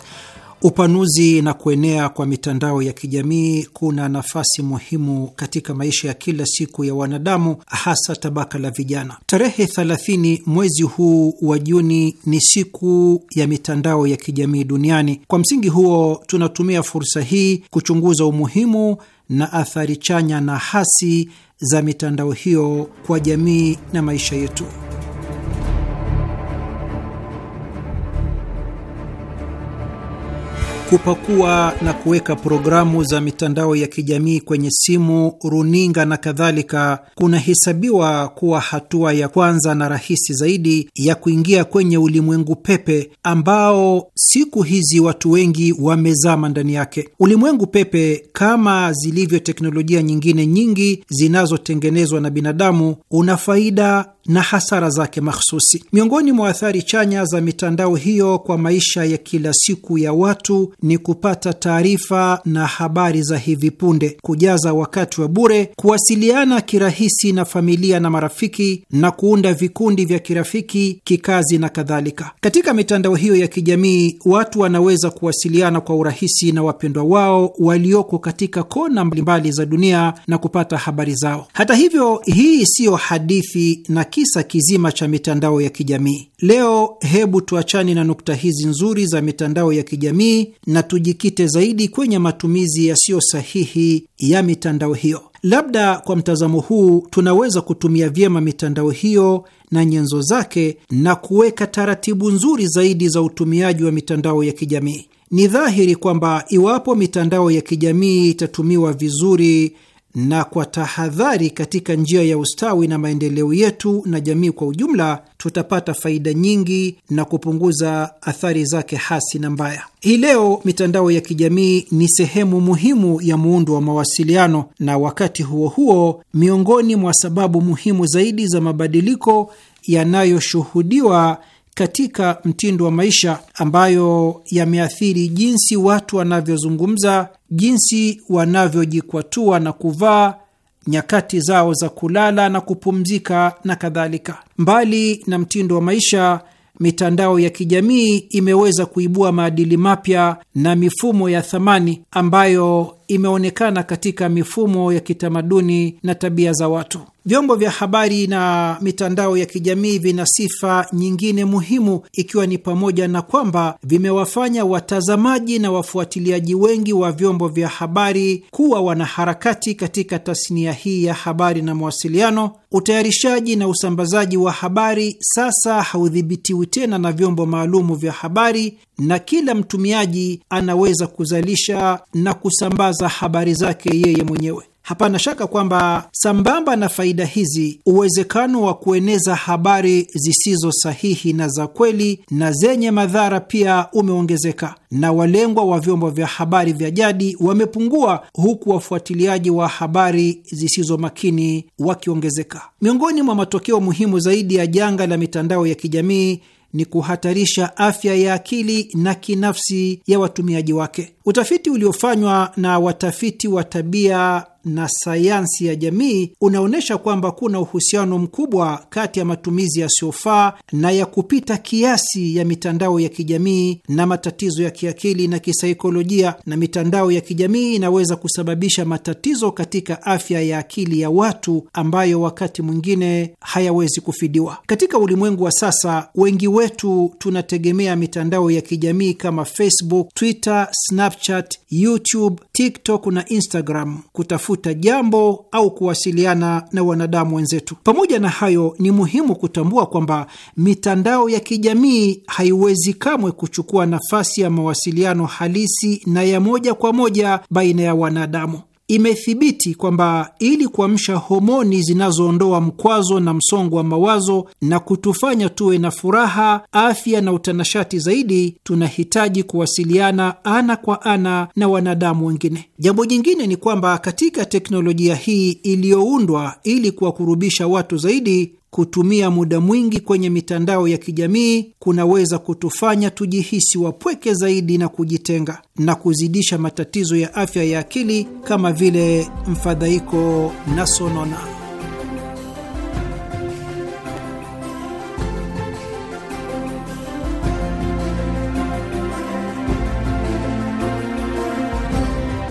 Upanuzi na kuenea kwa mitandao ya kijamii kuna nafasi muhimu katika maisha ya kila siku ya wanadamu, hasa tabaka la vijana. Tarehe 30 mwezi huu wa Juni ni siku ya mitandao ya kijamii duniani. Kwa msingi huo, tunatumia fursa hii kuchunguza umuhimu na athari chanya na hasi za mitandao hiyo kwa jamii na maisha yetu. kupakua na kuweka programu za mitandao ya kijamii kwenye simu, runinga na kadhalika kunahesabiwa kuwa hatua ya kwanza na rahisi zaidi ya kuingia kwenye ulimwengu pepe ambao siku hizi watu wengi wamezama ndani yake. Ulimwengu pepe, kama zilivyo teknolojia nyingine nyingi zinazotengenezwa na binadamu, una faida na hasara zake mahsusi. Miongoni mwa athari chanya za mitandao hiyo kwa maisha ya kila siku ya watu ni kupata taarifa na habari za hivi punde, kujaza wakati wa bure, kuwasiliana kirahisi na familia na marafiki, na kuunda vikundi vya kirafiki, kikazi na kadhalika. Katika mitandao hiyo ya kijamii, watu wanaweza kuwasiliana kwa urahisi na wapendwa wao walioko katika kona mbalimbali za dunia na kupata habari zao. Hata hivyo, hii siyo hadithi na kisa kizima cha mitandao ya kijamii. Leo hebu tuachane na nukta hizi nzuri za mitandao ya kijamii na tujikite zaidi kwenye matumizi yasiyo sahihi ya mitandao hiyo. Labda kwa mtazamo huu tunaweza kutumia vyema mitandao hiyo na nyenzo zake na kuweka taratibu nzuri zaidi za utumiaji wa mitandao ya kijamii. Ni dhahiri kwamba iwapo mitandao ya kijamii itatumiwa vizuri na kwa tahadhari katika njia ya ustawi na maendeleo yetu na jamii kwa ujumla, tutapata faida nyingi na kupunguza athari zake hasi na mbaya. Hii leo mitandao ya kijamii ni sehemu muhimu ya muundo wa mawasiliano, na wakati huo huo, miongoni mwa sababu muhimu zaidi za mabadiliko yanayoshuhudiwa katika mtindo wa maisha ambayo yameathiri jinsi watu wanavyozungumza, jinsi wanavyojikwatua na kuvaa, nyakati zao za kulala na kupumzika na kadhalika. Mbali na mtindo wa maisha, mitandao ya kijamii imeweza kuibua maadili mapya na mifumo ya thamani ambayo imeonekana katika mifumo ya kitamaduni na tabia za watu. Vyombo vya habari na mitandao ya kijamii vina sifa nyingine muhimu, ikiwa ni pamoja na kwamba vimewafanya watazamaji na wafuatiliaji wengi wa vyombo vya habari kuwa wanaharakati katika tasnia hii ya habari na mawasiliano. Utayarishaji na usambazaji wa habari sasa haudhibitiwi tena na vyombo maalumu vya habari, na kila mtumiaji anaweza kuzalisha na kusambaza habari zake yeye mwenyewe. Hapana shaka kwamba sambamba na faida hizi, uwezekano wa kueneza habari zisizo sahihi na za kweli na zenye madhara pia umeongezeka, na walengwa wa vyombo vya habari vya jadi wamepungua, huku wafuatiliaji wa habari zisizo makini wakiongezeka. Miongoni mwa matokeo muhimu zaidi ya janga la mitandao ya kijamii ni kuhatarisha afya ya akili na kinafsi ya watumiaji wake. Utafiti uliofanywa na watafiti wa tabia na sayansi ya jamii unaonyesha kwamba kuna uhusiano mkubwa kati ya matumizi yasiyofaa na ya kupita kiasi ya mitandao ya kijamii na matatizo ya kiakili na kisaikolojia, na mitandao ya kijamii inaweza kusababisha matatizo katika afya ya akili ya watu ambayo wakati mwingine hayawezi kufidiwa. Katika ulimwengu wa sasa, wengi wetu tunategemea mitandao ya kijamii kama Facebook, Twitter, Snapchat, YouTube, TikTok na Instagram kutafuta kutafuta jambo au kuwasiliana na wanadamu wenzetu. Pamoja na hayo, ni muhimu kutambua kwamba mitandao ya kijamii haiwezi kamwe kuchukua nafasi ya mawasiliano halisi na ya moja kwa moja baina ya wanadamu imethibiti kwamba ili kuamsha homoni zinazoondoa mkwazo na msongo wa mawazo na kutufanya tuwe na furaha, afya na utanashati zaidi, tunahitaji kuwasiliana ana kwa ana na wanadamu wengine. Jambo jingine ni kwamba katika teknolojia hii iliyoundwa ili kuwakurubisha watu zaidi kutumia muda mwingi kwenye mitandao ya kijamii kunaweza kutufanya tujihisi wapweke zaidi na kujitenga na kuzidisha matatizo ya afya ya akili kama vile mfadhaiko na sonona.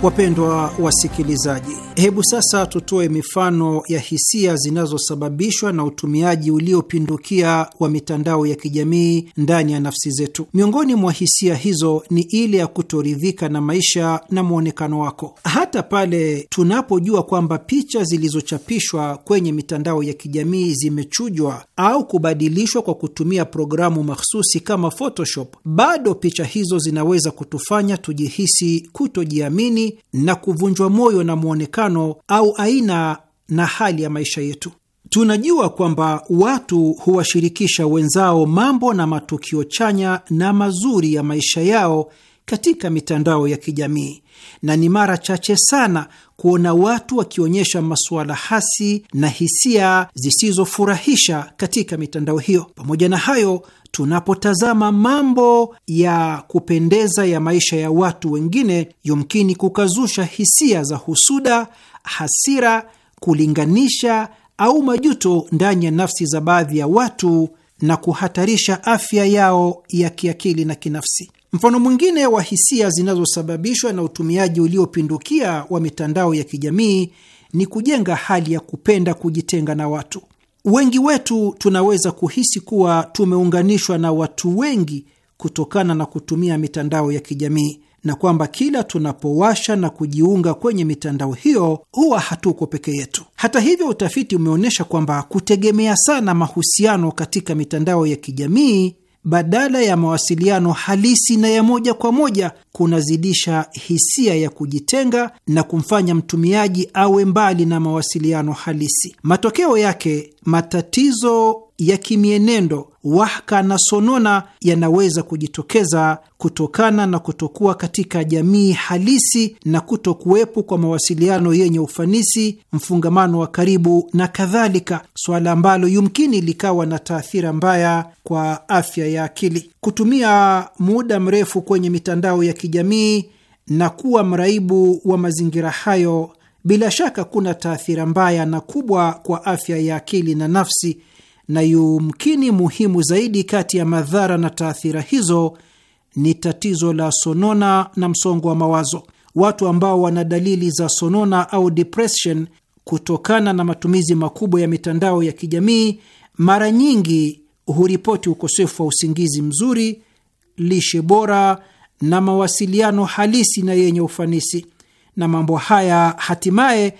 Wapendwa wasikilizaji, hebu sasa tutoe mifano ya hisia zinazosababishwa na utumiaji uliopindukia wa mitandao ya kijamii ndani ya nafsi zetu. Miongoni mwa hisia hizo ni ile ya kutoridhika na maisha na mwonekano wako, hata pale tunapojua kwamba picha zilizochapishwa kwenye mitandao ya kijamii zimechujwa au kubadilishwa kwa kutumia programu mahsusi kama Photoshop, bado picha hizo zinaweza kutufanya tujihisi kutojiamini na kuvunjwa moyo na mwonekano au aina na hali ya maisha yetu. Tunajua kwamba watu huwashirikisha wenzao mambo na matukio chanya na mazuri ya maisha yao katika mitandao ya kijamii na ni mara chache sana kuona watu wakionyesha masuala hasi na hisia zisizofurahisha katika mitandao hiyo. Pamoja na hayo, tunapotazama mambo ya kupendeza ya maisha ya watu wengine, yumkini kukazusha hisia za husuda, hasira, kulinganisha au majuto ndani ya nafsi za baadhi ya watu na kuhatarisha afya yao ya kiakili na kinafsi. Mfano mwingine wa hisia zinazosababishwa na utumiaji uliopindukia wa mitandao ya kijamii ni kujenga hali ya kupenda kujitenga na watu. Wengi wetu tunaweza kuhisi kuwa tumeunganishwa na watu wengi kutokana na kutumia mitandao ya kijamii na kwamba kila tunapowasha na kujiunga kwenye mitandao hiyo huwa hatuko peke yetu. Hata hivyo, utafiti umeonyesha kwamba kutegemea sana mahusiano katika mitandao ya kijamii badala ya mawasiliano halisi na ya moja kwa moja kunazidisha hisia ya kujitenga na kumfanya mtumiaji awe mbali na mawasiliano halisi. Matokeo yake matatizo ya kimienendo, wahka na sonona yanaweza kujitokeza kutokana na kutokuwa katika jamii halisi na kutokuwepo kwa mawasiliano yenye ufanisi, mfungamano wa karibu na kadhalika, suala ambalo yumkini likawa na taathira mbaya kwa afya ya akili. Kutumia muda mrefu kwenye mitandao ya kijamii na kuwa mraibu wa mazingira hayo bila shaka kuna taathira mbaya na kubwa kwa afya ya akili na nafsi, na yumkini muhimu zaidi kati ya madhara na taathira hizo ni tatizo la sonona na msongo wa mawazo. Watu ambao wana dalili za sonona au depression kutokana na matumizi makubwa ya mitandao ya kijamii mara nyingi huripoti ukosefu wa usingizi mzuri, lishe bora na mawasiliano halisi na yenye ufanisi na mambo haya hatimaye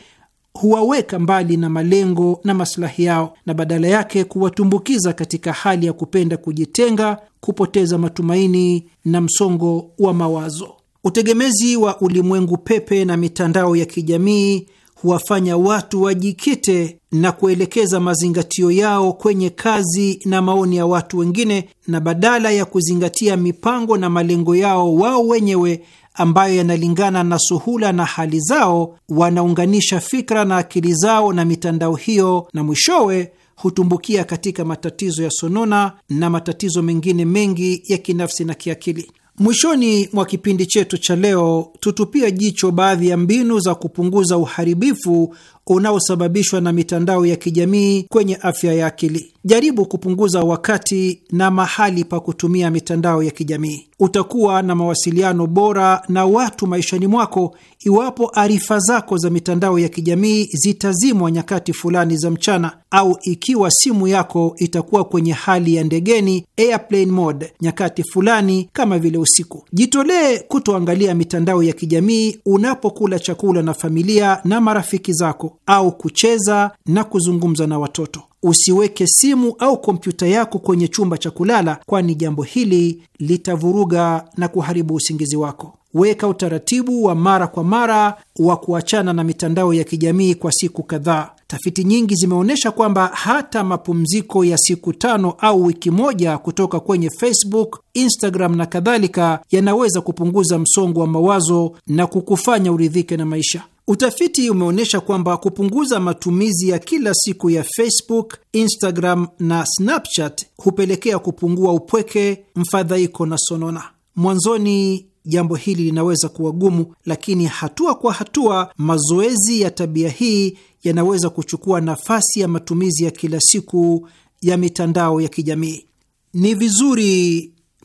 huwaweka mbali na malengo na masilahi yao na badala yake kuwatumbukiza katika hali ya kupenda kujitenga, kupoteza matumaini na msongo wa mawazo. Utegemezi wa ulimwengu pepe na mitandao ya kijamii huwafanya watu wajikite na kuelekeza mazingatio yao kwenye kazi na maoni ya watu wengine, na badala ya kuzingatia mipango na malengo yao wao wenyewe ambayo yanalingana na suhula na hali zao, wanaunganisha fikra na akili zao na mitandao hiyo, na mwishowe hutumbukia katika matatizo ya sonona na matatizo mengine mengi ya kinafsi na kiakili. Mwishoni mwa kipindi chetu cha leo, tutupia jicho baadhi ya mbinu za kupunguza uharibifu unaosababishwa na mitandao ya kijamii kwenye afya ya akili. Jaribu kupunguza wakati na mahali pa kutumia mitandao ya kijamii. Utakuwa na mawasiliano bora na watu maishani mwako iwapo arifa zako za mitandao ya kijamii zitazimwa nyakati fulani za mchana, au ikiwa simu yako itakuwa kwenye hali ya ndegeni, airplane mode, nyakati fulani kama vile usiku. Jitolee kutoangalia mitandao ya kijamii unapokula chakula na familia na marafiki zako au kucheza na kuzungumza na watoto. Usiweke simu au kompyuta yako kwenye chumba cha kulala, kwani jambo hili litavuruga na kuharibu usingizi wako. Weka utaratibu wa mara kwa mara wa kuachana na mitandao ya kijamii kwa siku kadhaa. Tafiti nyingi zimeonyesha kwamba hata mapumziko ya siku tano au wiki moja kutoka kwenye Facebook, Instagram na kadhalika yanaweza kupunguza msongo wa mawazo na kukufanya uridhike na maisha. Utafiti umeonyesha kwamba kupunguza matumizi ya kila siku ya Facebook, Instagram na Snapchat hupelekea kupungua upweke, mfadhaiko na sonona. Mwanzoni jambo hili linaweza kuwa gumu, lakini hatua kwa hatua mazoezi ya tabia hii yanaweza kuchukua nafasi ya matumizi ya kila siku ya mitandao ya kijamii. Ni vizuri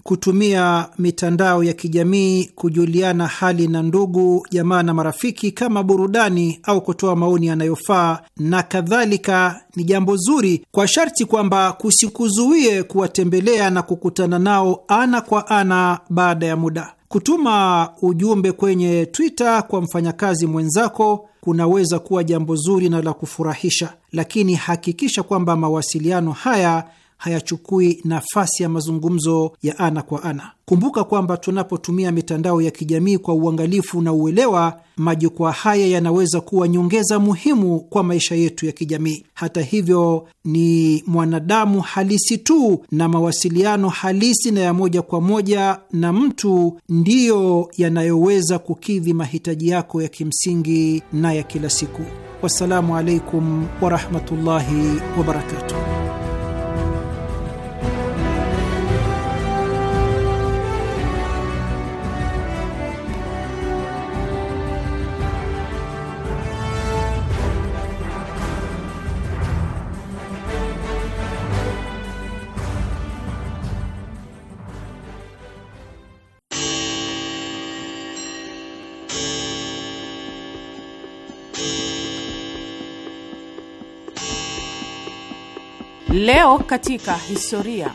kutumia mitandao ya kijamii kujuliana hali na ndugu jamaa na marafiki kama burudani au kutoa maoni yanayofaa na kadhalika, ni jambo zuri kwa sharti kwamba kusikuzuie kuwatembelea na kukutana nao ana kwa ana baada ya muda. Kutuma ujumbe kwenye Twitter kwa mfanyakazi mwenzako kunaweza kuwa jambo zuri na la kufurahisha, lakini hakikisha kwamba mawasiliano haya hayachukui nafasi ya mazungumzo ya ana kwa ana. Kumbuka kwamba tunapotumia mitandao ya kijamii kwa uangalifu na uelewa, majukwaa haya yanaweza kuwa nyongeza muhimu kwa maisha yetu ya kijamii. Hata hivyo, ni mwanadamu halisi tu na mawasiliano halisi na ya moja kwa moja na mtu ndiyo yanayoweza kukidhi mahitaji yako ya kimsingi na ya kila siku. Wassalamu alaikum warahmatullahi wabarakatuh. Leo katika historia.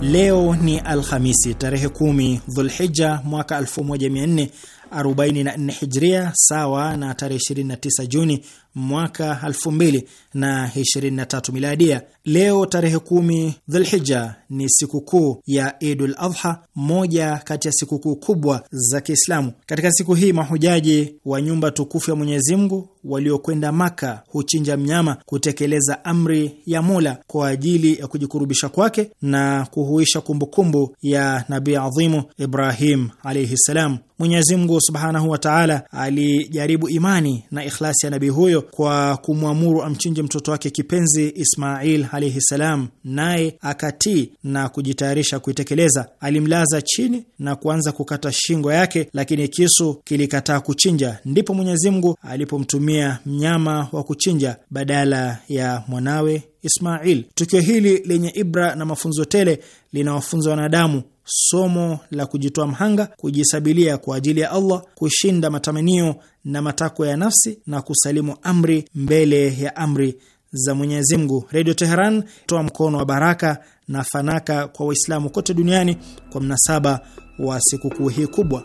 Leo ni Alhamisi tarehe 10 Dhulhija mwaka 1444 hijria sawa na tarehe 29 Juni mwaka 2023 miladia. Leo tarehe kumi Dhulhija ni sikukuu ya Idul Adha, moja kati ya sikukuu kubwa za Kiislamu. Katika siku hii mahujaji wa nyumba tukufu ya Mwenyezi Mungu waliokwenda Maka huchinja mnyama kutekeleza amri ya Mola kwa ajili ya kujikurubisha kwake na kuhuisha kumbukumbu ya Nabii adhimu Ibrahim alaihi ssalam. Mwenyezi Mungu subhanahu wa taala alijaribu imani na ikhlasi ya nabii huyo kwa kumwamuru amchinje mtoto wake kipenzi Ismail alaihi salam, naye akatii na kujitayarisha kuitekeleza. Alimlaza chini na kuanza kukata shingo yake, lakini kisu kilikataa kuchinja. Ndipo Mwenyezi Mungu alipomtumia mnyama wa kuchinja badala ya mwanawe Ismail. Tukio hili lenye ibra na mafunzo tele linawafunza wanadamu somo la kujitoa mhanga, kujisabilia kwa ajili ya Allah, kushinda matamanio na matakwa ya nafsi na kusalimu amri mbele ya amri za Mwenyezi Mungu. Teheran toa mkono wa baraka na fanaka kwa Waislamu kote duniani kwa mnasaba wa sikukuu hii kubwa.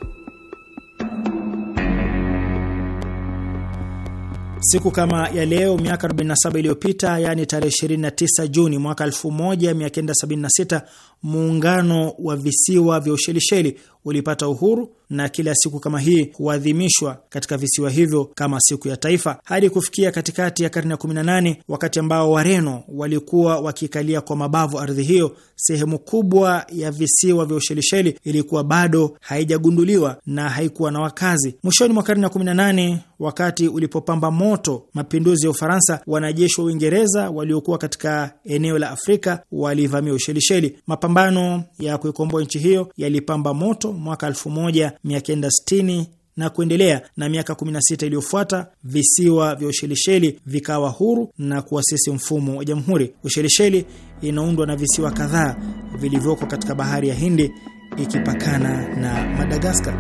Siku kama ya leo miaka 47 iliyopita, yaani tarehe 29 Juni mwaka 1976, muungano wa visiwa vya Ushelisheli ulipata uhuru na kila siku kama hii huadhimishwa katika visiwa hivyo kama siku ya taifa hadi kufikia katikati ya karne ya 18 wakati ambao Wareno walikuwa wakikalia kwa mabavu ardhi hiyo. Sehemu kubwa ya visiwa vya Ushelisheli ilikuwa bado haijagunduliwa na haikuwa na wakazi. Mwishoni mwa karne ya 18, wakati ulipopamba moto mapinduzi ya Ufaransa, wanajeshi wa Uingereza waliokuwa katika eneo la Afrika walivamia Ushelisheli. Mapambano Mapambano ya kuikomboa nchi hiyo yalipamba moto mwaka 1960 na kuendelea, na miaka 16 iliyofuata visiwa vya Ushelisheli vikawa huru na kuasisi mfumo wa jamhuri. Ushelisheli inaundwa na visiwa kadhaa vilivyoko katika bahari ya Hindi ikipakana na Madagaskar.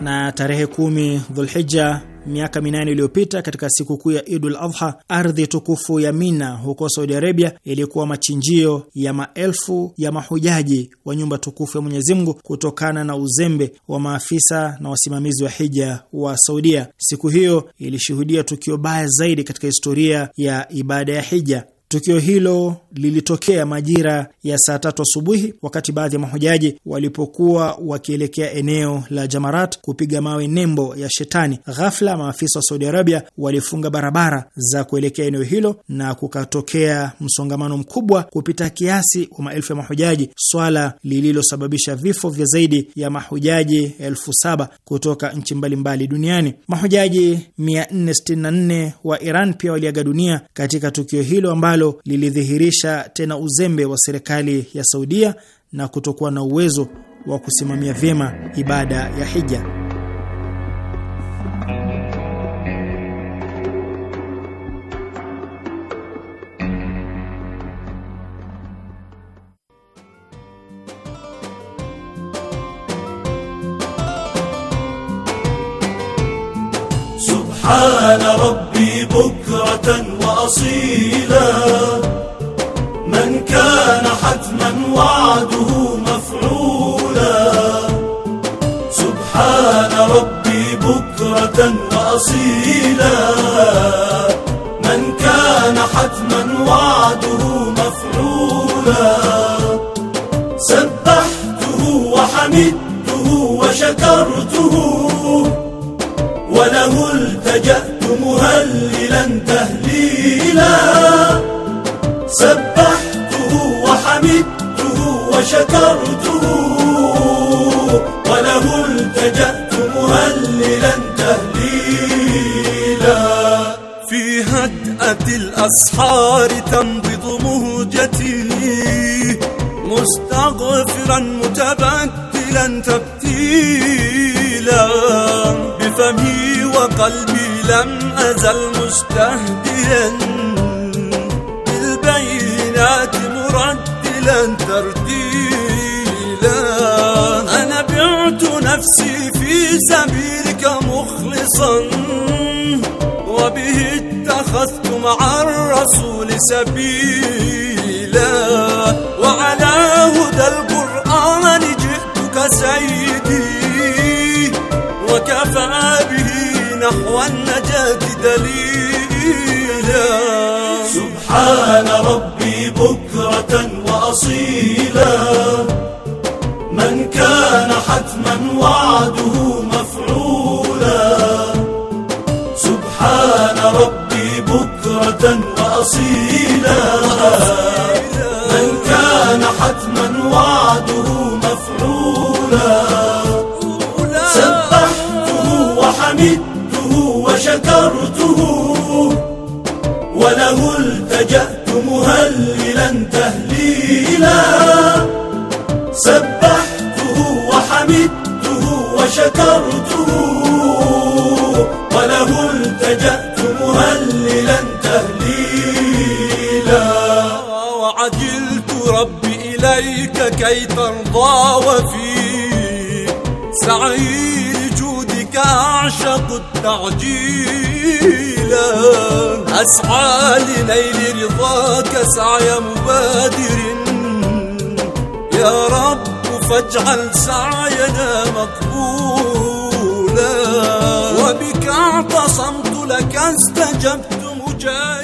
Na tarehe kumi Dhulhija miaka minane iliyopita katika sikukuu ya Idul Adha, ardhi tukufu ya Mina huko Saudi Arabia ilikuwa machinjio ya maelfu ya mahujaji wa nyumba tukufu ya Mwenyezi Mungu kutokana na uzembe wa maafisa na wasimamizi wa hija wa Saudia. Siku hiyo ilishuhudia tukio baya zaidi katika historia ya ibada ya hija. Tukio hilo lilitokea majira ya saa tatu asubuhi wakati baadhi ya mahujaji walipokuwa wakielekea eneo la Jamarat kupiga mawe nembo ya Shetani. Ghafla maafisa wa Saudi Arabia walifunga barabara za kuelekea eneo hilo na kukatokea msongamano mkubwa kupita kiasi wa maelfu ya mahujaji, swala lililosababisha vifo vya zaidi ya mahujaji elfu saba kutoka nchi mbalimbali duniani. Mahujaji 464 wa Iran pia waliaga dunia katika tukio hilo ambalo ambalo lilidhihirisha tena uzembe wa serikali ya Saudia na kutokuwa na uwezo wa kusimamia vyema ibada ya hija. عان ربي بكرة وأصيلا من كان حتما وعده مفعولا سبحان ربي بكرة وأصيلا من كان حتما وعده مفعولا سبحته وحمدته وشكرته وله التجأت مهللا تهليلا سبحته وحمدته وشكرته وله التجأت مهللا تهليلا في هدأة الأسحار تنبض مهجتي مستغفرا متبدلا تبتيلا قلبي لم أزل مستهديا بالبينات مرتلا ترتيلا أنا بعت نفسي في سبيلك مخلصا وبه اتخذت مع الرسول سبيلا وعلى هدى القرآن جئتك سيدي وكفى بي دليلا سبحان ربي بكرة وأصيلا من كان حتما وعده مفعولا سبحان ربي بكرة وأصيلا خلقه وله التجأت مهللا تهليلا سبحته وحمدته وشكرته وله التجأت مهللا تهليلا وعجلت ربي إليك كي ترضى وفي سعي لجودك أعشق التعجيل الهام أسعى لنيل رضاك سعي مبادر يا رب فاجعل سعينا مقبولا وبك اعتصمت لك استجبت مجاهدا